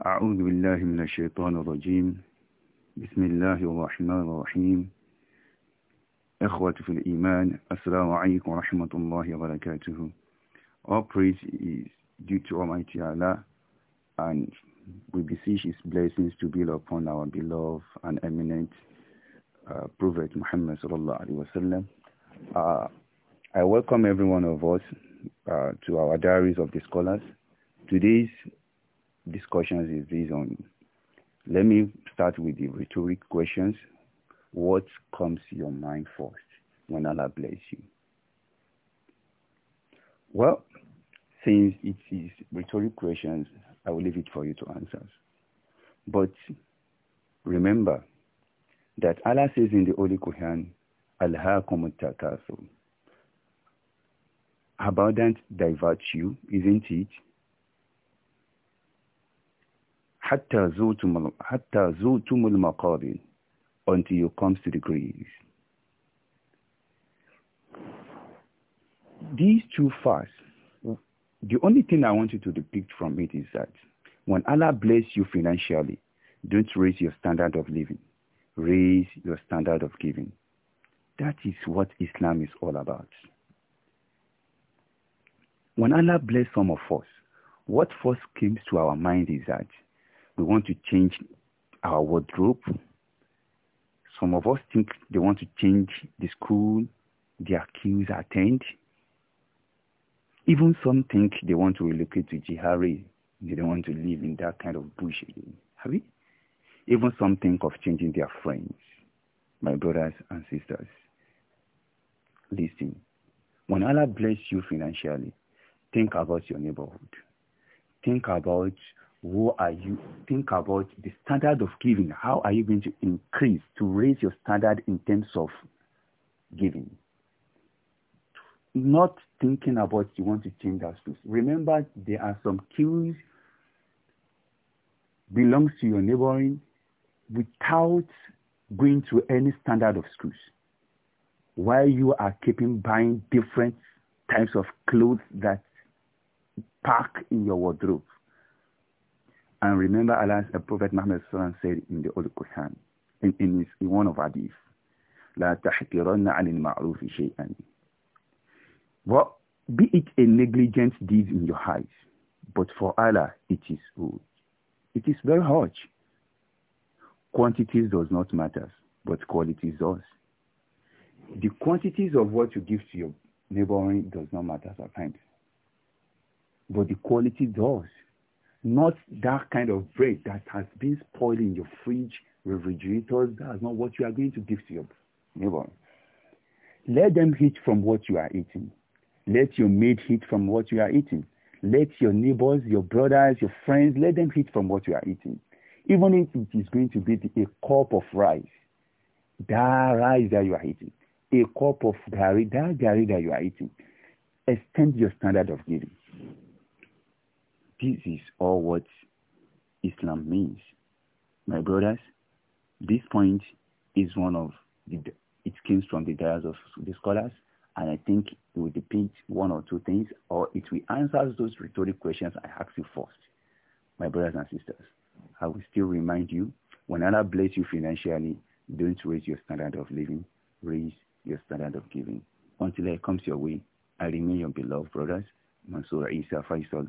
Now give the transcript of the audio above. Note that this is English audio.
أعوذ بالله من الشيطان الرجيم بسم الله الرحمن الرحيم إخوة في الإيمان السلام عليكم ورحمة الله وبركاته All praise is due to Almighty Allah and we beseech His blessings to be upon our beloved and eminent uh, Prophet Muhammad sallallahu alaihi wasallam. Uh, I welcome every one of us uh, to our Diaries of the Scholars. Today's discussions is this on. Let me start with the rhetoric questions. What comes to your mind first when Allah bless you? Well, since it is rhetoric questions, I will leave it for you to answer. But remember that Allah says in the Holy Quran, Alhaakum takathur. Abundant divert you, isn't it? until you come to the grave. These two fasts, the only thing I want you to depict from it is that when Allah bless you financially, don't raise your standard of living. Raise your standard of giving. That is what Islam is all about. When Allah bless some of us, what first comes to our mind is that we want to change our wardrobe. Some of us think they want to change the school their kids attend. Even some think they want to relocate to Jihari. They don't want to live in that kind of bush again. Have you? Even some think of changing their friends. My brothers and sisters, listen. When Allah bless you financially, think about your neighborhood. Think about who are you? Think about the standard of giving. How are you going to increase to raise your standard in terms of giving? Not thinking about you want to change that schools. Remember, there are some cues belongs to your neighboring without going to any standard of schools. While you are keeping buying different types of clothes that pack in your wardrobe and remember the Prophet Muhammad said in the Old Quran, in, in, his, in one of Hadith, لا تحقرن عن المعروف شيئا. Well, be it a negligent deed in your eyes, but for Allah it is good. It is very hard. Quantities does not matter, but qualities does. The quantities of what you give to your neighboring does not matter sometimes, but the quality does not that kind of bread that has been spoiling your fridge, refrigerators. That's not what you are going to give to your neighbor. Let them eat from what you are eating. Let your maid eat from what you are eating. Let your neighbors, your brothers, your friends, let them eat from what you are eating. Even if it is going to be a cup of rice, that rice that you are eating, a cup of gari, that gari that you are eating, extend your standard of giving. This is all what Islam means. My brothers, this point is one of the, it comes from the diaries of the scholars, and I think it will depict one or two things, or it will answer those rhetorical questions I asked you first. My brothers and sisters, I will still remind you, when Allah bless you financially, don't raise your standard of living, raise your standard of giving. Until it comes your way, I remain your beloved brothers, Mansoor Isa Faisal,